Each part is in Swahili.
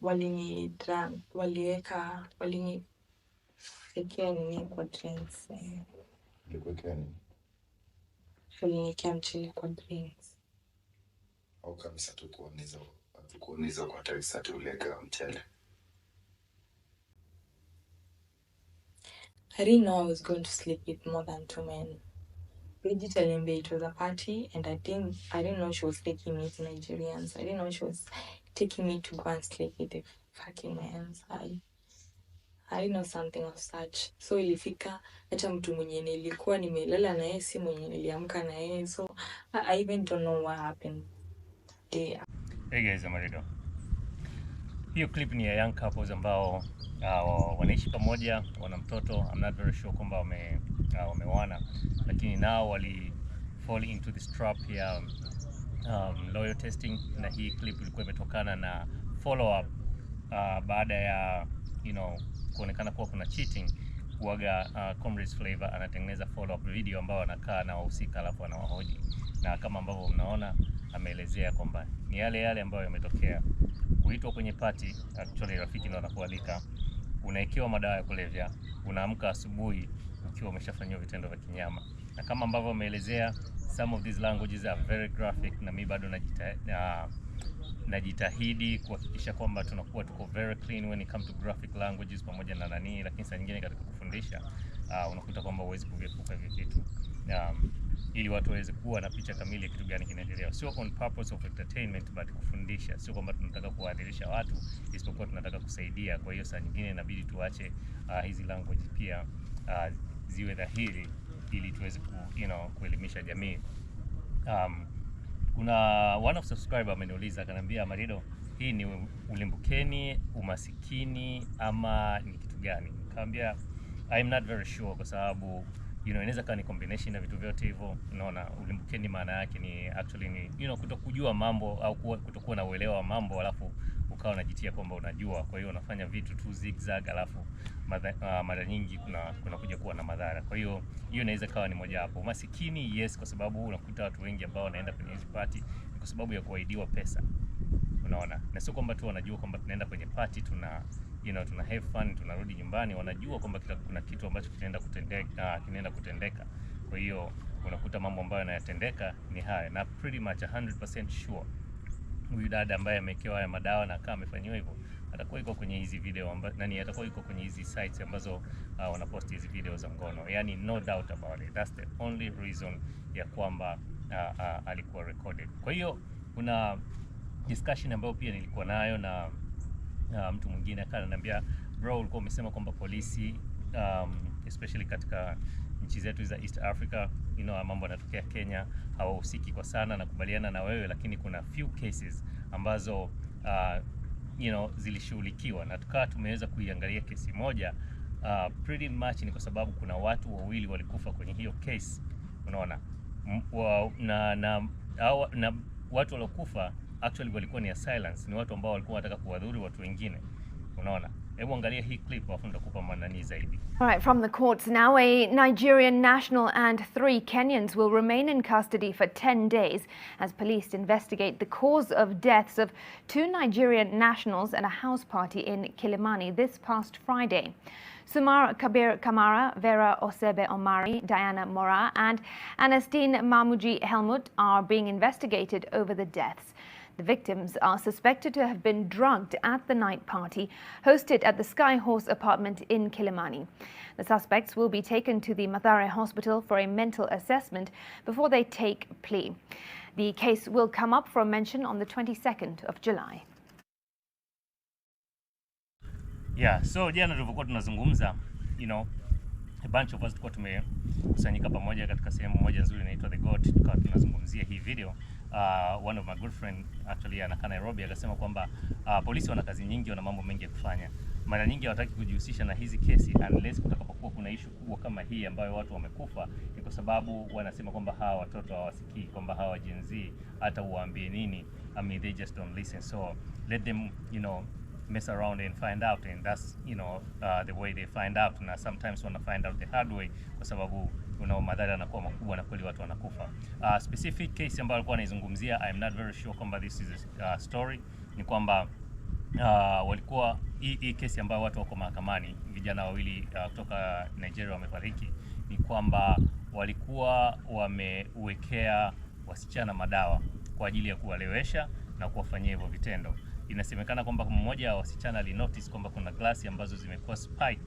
waliweka waliniwekea nini kwa drinks, eh? waliniwekea mchele kwa drinks au kabisa tukuoniza kwa tarisa tuliweka mchele. I didn't know I was going to sleep with more than two men. Reggie telling it was a party and I didn't, I didn't know she was taking me to Nigerians. I didn't know she was taking me to go and sleep with the fucking man I, I know something of such. So ilifika hata mtu mwenye nilikuwa nimelala na yeye si mwenye niliamka na yeye. So I, I even don't know what happened. there. Hey guys, Marido. Hiyo clip ni ya young couples ambao uh, wanaishi pamoja, wana mtoto. I'm not very sure kwamba wame uh, wamewana, lakini nao wali fall into this trap ya um, loyal testing na hii clip ilikuwa imetokana na follow up uh, baada ya you know kuonekana kuwa kuna cheating kuaga uh, Comrades Flavor anatengeneza follow up video ambao anakaa na wahusika alafu anawahoji, na kama ambavyo mnaona ameelezea kwamba ni yale yale ambayo yametokea: kuitwa kwenye party, actually rafiki ndo anakualika, unaekewa madawa ya kulevya, unaamka asubuhi ukiwa umeshafanywa vitendo vya kinyama, na kama ambavyo ameelezea some of these languages are very graphic, na mi bado najita, uh, najitahidi kuhakikisha kwamba tunakuwa tuko very clean when it comes to graphic languages pamoja na nani, lakini saa nyingine katika kufundisha uh, unakuta kwamba huwezi kuviepuka hivi vitu um, ili watu waweze kuwa na picha kamili ya kitu gani kinaendelea, sio on purpose of entertainment but kufundisha. Sio kwamba tunataka kuadhirisha watu, isipokuwa tunataka kusaidia. Kwa hiyo saa nyingine inabidi tuache uh, hizi language pia uh, ziwe dhahiri ili tuweze ku, you know, kuelimisha jamii. Um, kuna one of subscriber ameniuliza akaniambia, Marido, hii ni ulimbukeni, umasikini ama ni kitu gani? Nikamwambia I'm not very sure kwa sababu you know, inaweza kuwa ni combination ya vitu vyote hivyo. Unaona, ulimbukeni maana yake ni actually ni you know, kutokujua mambo au kutokuwa na uelewa wa mambo alafu ukawa unajitia kwamba unajua, kwa hiyo unafanya vitu tu zigzag, alafu ah, mara nyingi kuna kunakuja kuwa na madhara. Kwa hiyo hiyo inaweza kawa ni moja hapo. Umasikini, yes, kwa sababu unakuta watu wengi ambao wanaenda kwenye hizo party ni kwa sababu ya kuahidiwa pesa, unaona, na sio kwamba tu wanajua kwamba tunaenda kwenye party tuna you know, tuna have fun tunarudi nyumbani. Wanajua kwamba kuna kitu ambacho kinaenda kutendeka, uh, kinaenda kutendeka. Kwa hiyo unakuta mambo ambayo yanayotendeka ni haya, na pretty much 100% sure huyu dada ambaye amewekewa haya madawa na kama amefanyiwa hivyo atakuwa iko kwenye hizi video amba, nani atakuwa iko kwenye hizi sites ambazo uh, wanapost hizi video za ngono. Yani no doubt about it, that's the only reason ya kwamba uh, uh, alikuwa recorded. Kwa hiyo kuna discussion ambayo pia nilikuwa nayo na uh, mtu mwingine akananiambia, bro, ulikuwa umesema kwamba polisi um, especially katika nchi zetu za East Africa you know, mambo yanatokea Kenya hawahusiki kwa sana, nakubaliana na wewe, lakini kuna few cases ambazo uh, you know, zilishughulikiwa na tukawa tumeweza kuiangalia kesi moja uh, pretty much ni kwa sababu kuna watu wawili walikufa kwenye hiyo case, unaona na, na, awa, na watu waliokufa actually walikuwa ni assailants, ni watu ambao walikuwa wanataka kuwadhuru watu wengine, unaona All right, from the courts now a Nigerian national and three Kenyans will remain in custody for 10 days as police investigate the cause of deaths of two Nigerian nationals at a house party in Kilimani this past Friday. Sumar Kabir Kamara, Vera Osebe Omari, Diana Mora, and Anastine Mamuji Helmut are being investigated over the deaths. The victims are suspected to have been drugged at the night party hosted at the Sky Horse apartment in Kilimani. The suspects will be taken to the Mathare Hospital for a mental assessment before they take plea. The case will come up for mention on the 22nd of July. Yeah, so jana tulivyokuwa tunazungumza, you know, a bunch of us tulikuwa tumekusanyika pamoja katika sehemu moja nzuri inaitwa The Goat, tukawa tunazungumzia hii video uh, one of my good friend actually anakaa Nairobi akasema kwamba uh, polisi wana kazi nyingi, wana mambo mengi ya kufanya. Mara nyingi hawataki kujihusisha na hizi kesi unless kutakapokuwa kuna ishu kubwa kama hii ambayo watu wamekufa, ni kwa sababu wanasema kwamba hawa watoto hawasikii, kwamba hawa Gen Z hata uwaambie nini, I mean they just don't listen, so let them you know mess around and find out and that's you know uh, the way they find out, na sometimes wana find out the hard way kwa sababu kuna madhara yanakuwa makubwa na kweli watu wanakufa. Uh, specific case ambayo alikuwa anaizungumzia, I am not very sure kwamba this is a ah, story, ni kwamba uh, walikuwa hii hii kesi ambayo watu wako mahakamani, vijana wawili uh, kutoka Nigeria wamefariki, ni kwamba walikuwa wamewekea wasichana madawa kwa ajili ya kuwalewesha na kuwafanyia hivyo vitendo. Inasemekana kwamba mmoja wa wasichana alinotice kwamba kuna glasi ambazo zimekuwa spiked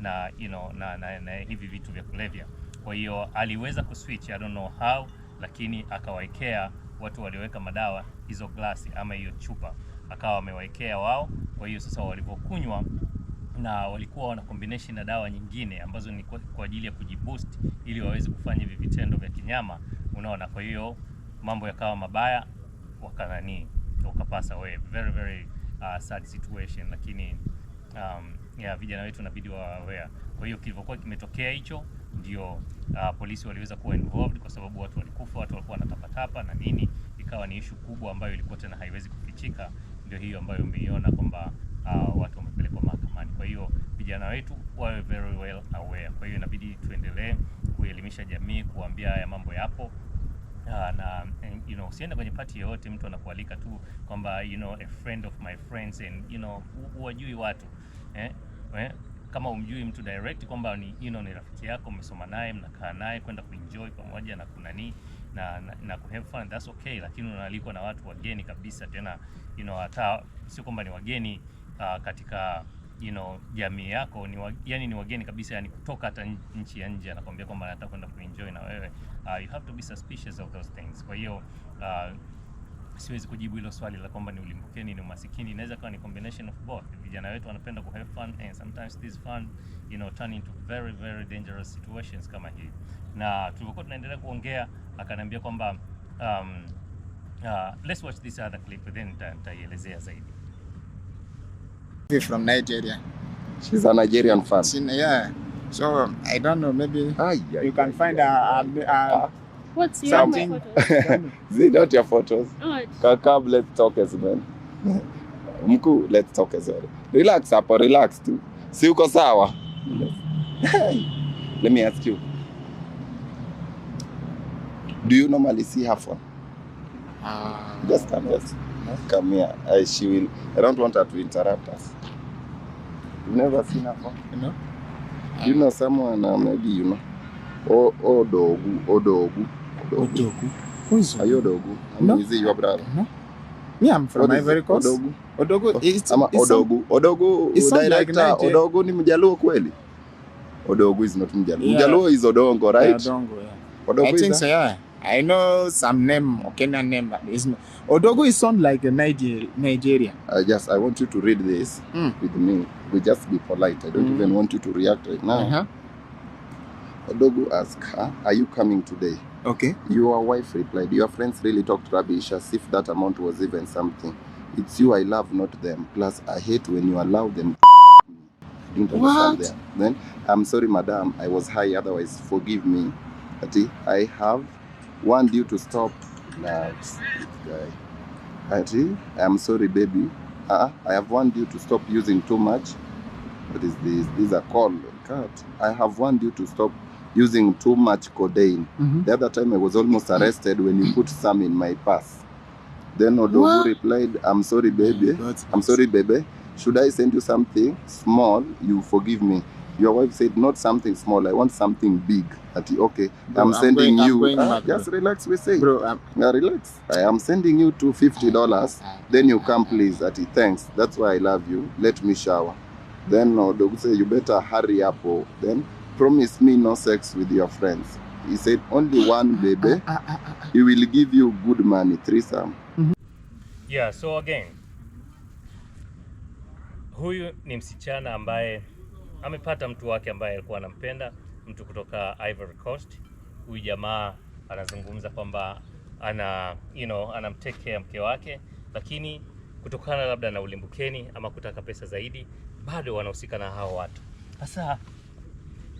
na, you know, na, na, na, na hivi vitu vya kulevya kwa hiyo aliweza kuswitch, I don't know how, lakini akawaekea watu walioweka madawa hizo glasi ama hiyo chupa akawa wamewaekea wao. Kwa hiyo sasa walivyokunywa na walikuwa wana combination na dawa nyingine ambazo ni kwa ajili ya kujiboost ili waweze kufanya hivi vitendo vya kinyama, unaona. Kwa hiyo mambo yakawa mabaya, wakanani ukapasa wewe, very very uh, sad situation, lakini um, ya vijana wetu inabidi wawe aware. Kwa hiyo kilivyokuwa kimetokea hicho ndio uh, polisi waliweza kuwa involved kwa sababu watu walikufa, watu walikuwa wanatapatapa na nini, ikawa ni ishu kubwa ambayo ilikuwa tena haiwezi kufichika. Ndio hiyo ambayo umeiona kwamba uh, watu wamepelekwa mahakamani. Kwa hiyo vijana wetu wawe very well aware. Kwa hiyo inabidi tuendelee kuelimisha jamii, kuambia haya mambo yapo ah, na you know, usiende kwenye party yoyote mtu anakualika tu kwamba you know, a friend of my friends and you know, huwajui watu eh? Eh? kama umjui mtu direct kwamba ni you know, ni rafiki yako umesoma naye mnakaa naye kwenda kuenjoy pamoja na kunani na, na, na ku have fun that's okay, lakini unaalikwa na watu wageni kabisa tena you know, hata sio kwamba ni wageni uh, katika you know, jamii yako ni wa, yani ni wageni kabisa yani kutoka hata nchi ya nje, anakuambia kwamba anataka kwenda kuenjoy na wewe uh, you have to be suspicious of those things. Kwa hiyo uh, siwezi kujibu hilo swali la kwamba ni ulimbukeni ni umasikini. Inaweza kuwa ni combination of both. Vijana wetu wanapenda ku have fun and sometimes this fun you know turn into very very dangerous situations kama hii, na tulivyokuwa tunaendelea kuongea akaniambia kwamba um, uh, let's watch this other clip then nitaielezea zaidi. From Nigeria. She's a Nigerian fan. Yeah. So I don't know maybe ay, ay, you can ay, find ay, a, a, a, a ah. What's your Something? photos? See, not your photos. Oh, Come, let's talk as well. Mku, let's talk as well. Relax Apo, relax too. Si uko sawa? Let me ask you. Do you normally see her phone? Uh, ah. Just come, just come here. I, she will. I don't want her to interrupt us. You've never seen her phone? No. You know someone, uh, maybe you know. Oh, oh, dogu, Odogu, Odogu. Odogu. Who is Odogu? Are you Odogu? I mean, no. Is your brother? No. I'm from what Ivory Coast. Odogu. Odogu. Oh, it's, it's Odogu. Odogu, it's director. Like Odogu ni Mjaluo kweli? Odogu is not Mjaluo. Yeah. Mjaluo is Odongo, right? Yeah, Odongo, yeah. Odogu I is think that? so, yeah. I know some name, Kenyan name, but it's not. Odogo is sound like a Niger Nigerian. Uh, yes, I want you to read this mm. with me. We just be polite. I don't mm. even want you to react right now. Uh-huh. Dogu asked her, Are you coming today? Okay. Your wife replied, Your friends really talked rubbish as if that amount was even something. It's you I love, not them. Plus, I hate when you allow them to didn't understand what? Then, I'm sorry, madam, I was high, otherwise, forgive me. Ati, I have warned you to stop. Nuts, guy. Ati, I'm sorry, baby. Uh, I have warned you to stop using too much. What is this? These are called. Cut. I have warned you to stop using too much codeine. Mm-hmm. The other time I was almost arrested when you put some in my purse. Then Odogu replied, I'm sorry, baby. I'm sorry, baby. Should I send you something small? You forgive me. Your wife said, Not something small. I want something big. Ati, okay, bro, I'm, I'm sending going, you. I'm uh, just relax, we say. Bro, I'm, now relax. I am sending you $250. Then you come, please. Ati, thanks. That's why I love you. Let me shower. Then Odogu uh, said, You better hurry up. Oh. Then promise me no sex with your friends. He said, only one ah, ah, baby. Ah, He will give you good money, threesome. Mm-hmm. Yeah, so again, huyu ni msichana ambaye amepata mtu wake ambaye alikuwa anampenda, mtu kutoka Ivory Coast. Huyu jamaa anazungumza kwamba ana you know, anamtekea mke wake, lakini kutokana labda na ulimbukeni ama kutaka pesa zaidi, bado wanahusika na hao watu. Sasa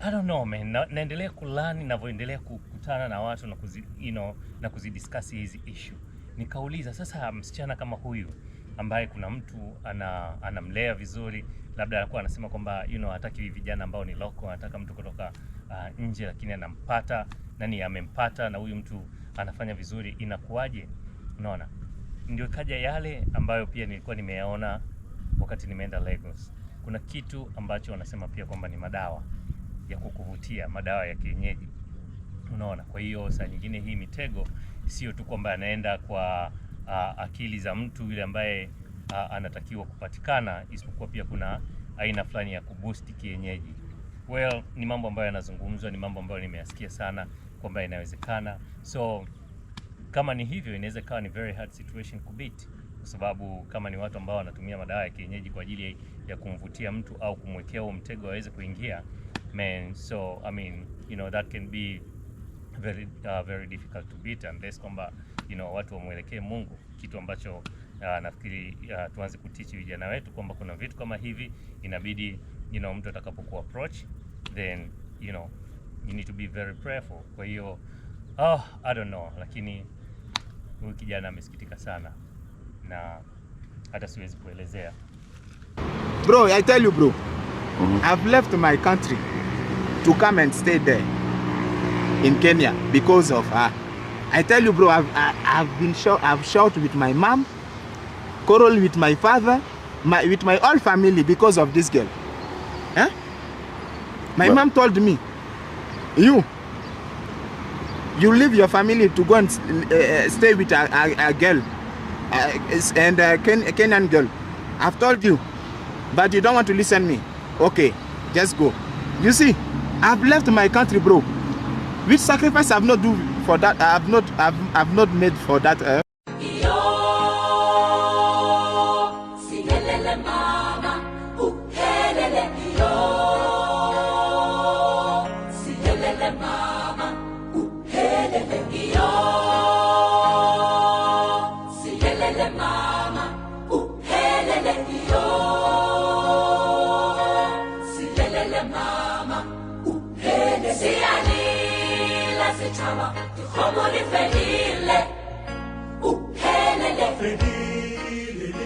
I don't know man, na, naendelea kulani navyoendelea kukutana na watu na kuzi, you know, na kuzidiscuss hizi issue. Nikauliza sasa, msichana kama huyu ambaye kuna mtu ana, anamlea vizuri, labda alikuwa anasema kwamba you know, hataki vijana ambao ni loko, anataka mtu kutoka uh, nje, lakini anampata nani, amempata na huyu mtu anafanya vizuri, inakuwaje? Unaona, ndio kaja yale ambayo pia nilikuwa nimeyaona wakati nimeenda Lagos. Kuna kitu ambacho wanasema pia kwamba ni madawa ya kukuvutia madawa ya kienyeji, unaona. Kwa hiyo saa nyingine hii mitego sio tu kwamba anaenda kwa a, akili za mtu yule ambaye uh, anatakiwa kupatikana, isipokuwa pia kuna aina fulani ya kuboost kienyeji. Well, ni mambo ambayo yanazungumzwa, ni mambo ambayo nimeyasikia sana kwamba inawezekana. So kama ni hivyo, inaweza kawa ni very hard situation beat, kwa sababu kama ni watu ambao wanatumia madawa ya kienyeji kwa ajili ya kumvutia mtu au kumwekea huo mtego aweze kuingia men. So I mean, you know, that can be very, uh, very difficult to beat unless kwamba you know, watu wamwelekee Mungu, kitu ambacho uh, nafikiri uh, tuanze kutichi vijana wetu kwamba kuna vitu kama hivi inabidi you know, mtu atakapokuwa approach then you know, you need to be very prayerful. Kwa hiyo oh, I don't know, lakini huyu kijana amesikitika sana na hata siwezi kuelezea. Bro, I tell you bro, mm -hmm. I've left my country to come and stay there in Kenya because of her. I tell you, bro, I've, I, have i have been shot, I've shot with my mom, quarrel with my father, my, with my whole family because of this girl. Huh? My mom told me, you, you leave your family to go and uh, stay with a, a, a girl, uh, and a Ken, a Kenyan girl. I've told you, but you don't want to listen me. Okay, just go. You see? I've left my country, bro. Which sacrifice I've not do for that? I've not, I've, I've not made for that. Uh,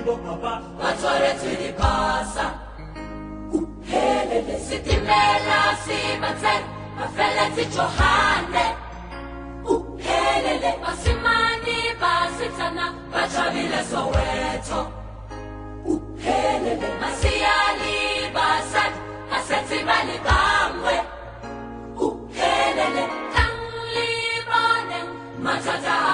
wimbo papa watore tulipasa uphelele sitimela simatsele mafeletsi johane uphelele basimani basitsana bathabile soweto uphelele masiyali basadi asetsi balibangwe uphelele matata mathata